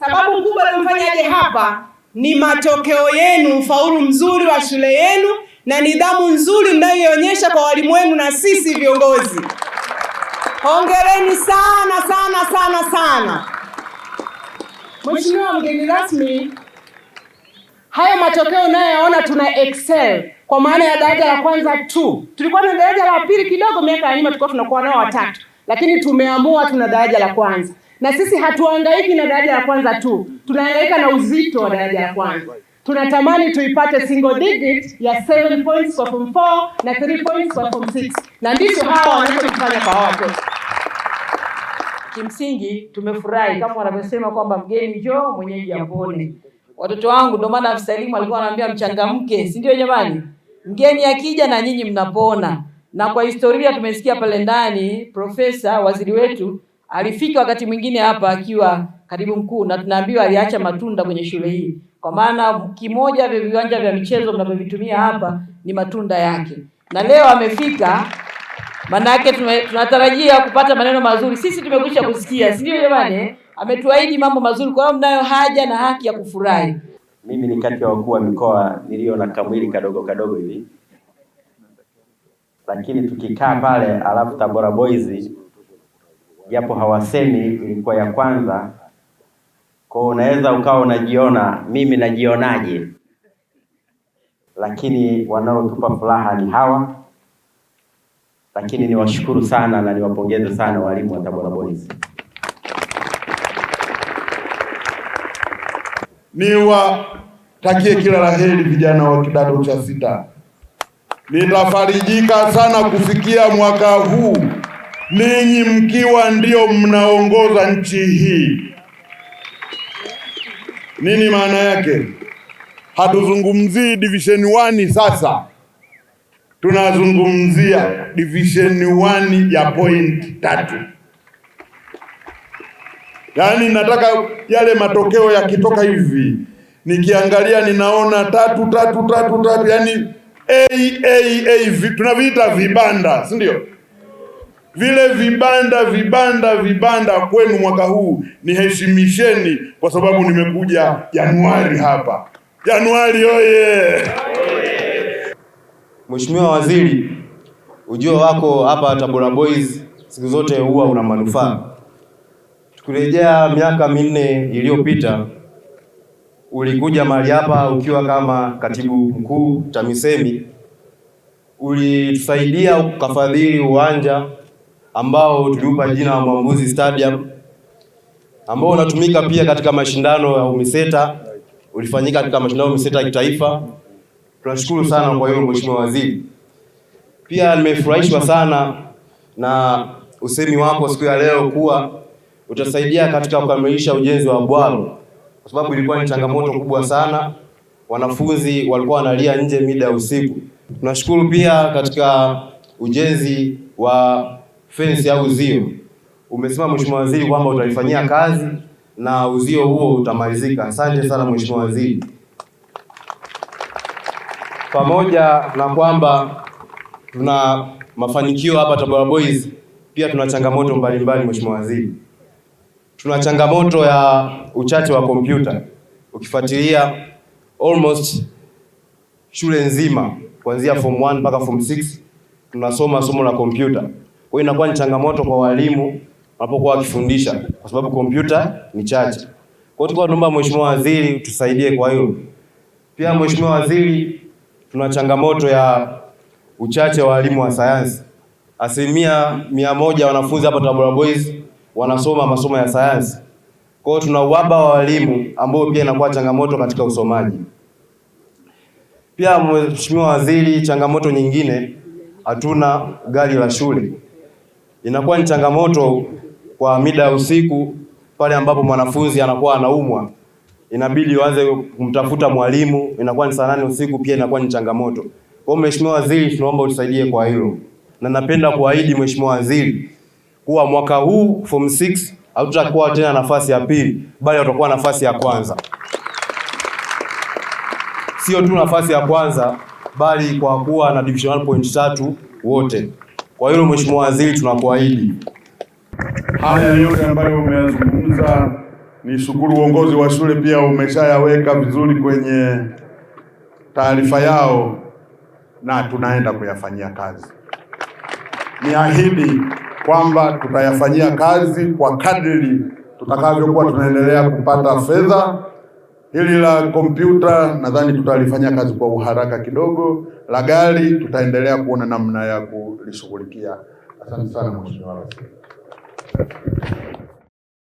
Sababu kubwa imemfanyaje hapa ni matokeo yenu, ufaulu mzuri wa shule yenu na nidhamu nzuri mnayoionyesha kwa walimu wenu na sisi viongozi. Hongereni sana sana sana sana. Mheshimiwa mgeni rasmi, haya matokeo unayoyaona tuna excel kwa maana ya daraja la kwanza tu, tulikuwa na daraja la pili kidogo miaka ya nyuma tulikuwa tunakuwa nao watatu lakini tumeamua tuna daraja la kwanza, na sisi hatuhangaiki na daraja la kwanza tu, tunahangaika na uzito wa daraja la kwanza. Tunatamani tuipate single digit ya 7 points kwa form 4 na 3 points kwa form 6, na ndicho hawa wanachofanya kwa hawa Kimsingi tumefurahi kama wanavyosema kwamba mgeni njoo mwenyeji apone. Watoto wangu, ndio maana afisa elimu alikuwa anaambia mchangamke, si ndio jamani? Mgeni akija na nyinyi mnapona na kwa historia tumesikia pale ndani, profesa waziri wetu alifika wakati mwingine hapa akiwa katibu mkuu, na tunaambiwa aliacha matunda kwenye shule hii, kwa maana kimoja vya viwanja vya michezo mnavyovitumia hapa ni matunda yake, na leo amefika Manake tunatarajia kupata maneno mazuri. Sisi tumekwisha kusikia, si ndio jamani? Ametuahidi mambo mazuri, kwa hiyo mnayo haja na haki ya kufurahi. Mimi ni kati ya wakuu wa mikoa niliyo na kamwili kadogo kadogo hivi lakini tukikaa pale alafu Tabora Boys japo hawasemi ilikuwa ya kwanza kwa unaweza ukawa unajiona mimi najionaje, lakini wanaotupa furaha ni hawa. Lakini niwashukuru sana na niwapongeze sana walimu wa Tabora Boys. Niwatakie kila laheri vijana wa kidato cha sita. Ninafarijika sana kufikia mwaka huu ninyi mkiwa ndio mnaongoza nchi hii. Nini maana yake? Hatuzungumzii division 1 sasa, tunazungumzia division 1 ya point tatu. Yaani nataka yale matokeo yakitoka hivi nikiangalia, ninaona tatu tatu tatu tatu, yaani tunaviita vibanda, si ndio? Vile vibanda vibanda vibanda kwenu mwaka huu niheshimisheni, kwa sababu nimekuja Januari hapa. Januari oye! Mheshimiwa Waziri, ujio wako hapa Tabora Boys siku zote huwa una manufaa. Tukirejea miaka minne iliyopita ulikuja mahali hapa ukiwa kama katibu mkuu TAMISEMI, ulitusaidia ukafadhili uwanja ambao tuliupa jina la Mwambuzi Stadium ambao unatumika pia katika mashindano ya UMISETA, ulifanyika katika mashindano ya UMISETA ya kitaifa. Tunashukuru sana kwa hiyo Mheshimiwa Waziri. Pia nimefurahishwa sana na usemi wako siku ya leo kuwa utasaidia katika kukamilisha ujenzi wa bwalo kwa sababu ilikuwa ni changamoto kubwa sana. Wanafunzi walikuwa wanalia nje mida ya usiku. Tunashukuru pia katika ujenzi wa fence au uzio, umesema Mheshimiwa Waziri kwamba utalifanyia kazi na uzio huo utamalizika. Asante sana Mheshimiwa Waziri, pamoja na kwamba tuna mafanikio hapa Tabora Boys, pia tuna changamoto mbalimbali, Mheshimiwa Waziri tuna changamoto ya uchache wa kompyuta. Ukifuatilia almost shule nzima kuanzia form 1 mpaka form 6 tunasoma somo la kompyuta. Kwa hiyo inakuwa ni changamoto kwa walimu wanapokuwa wakifundisha, kwa sababu kompyuta ni chache. Kwa hiyo tunaomba Mheshimiwa Waziri tusaidie kwa hiyo. Pia Mheshimiwa Waziri, tuna changamoto ya uchache wa walimu wa sayansi. Asilimia mia moja wanafunzi hapa Tabora Boys wanasoma masomo ya sayansi. Kwa hiyo tuna uhaba wa walimu ambao pia inakuwa changamoto katika usomaji. Pia Mheshimiwa Waziri, changamoto nyingine, hatuna gari la shule. Inakuwa ni changamoto kwa mida ya usiku, pale ambapo mwanafunzi anakuwa anaumwa, inabidi waanze kumtafuta mwalimu, inakuwa ni saa nane usiku, pia inakuwa ni changamoto. Kwa hiyo Mheshimiwa Waziri, tunaomba utusaidie kwa hilo, na napenda kuahidi Mheshimiwa Waziri kuwa mwaka huu form 6 hatutakuwa tena nafasi ya pili, bali tutakuwa nafasi ya kwanza. Sio tu nafasi ya kwanza, bali kwa kuwa na point tatu wote. Kwa hiyo Mheshimiwa Waziri, tunakuahidi haya yote ambayo umeyazungumza. Ni shukuru uongozi wa shule pia umeshayaweka vizuri kwenye taarifa yao na tunaenda kuyafanyia kazi. Niahidi kwamba tutayafanyia kazi kwa kadri tutakavyokuwa tunaendelea kupata fedha. Hili la kompyuta nadhani tutalifanyia kazi kwa uharaka kidogo. La gari tutaendelea kuona namna ya kulishughulikia. Asante sana mheshimiwa.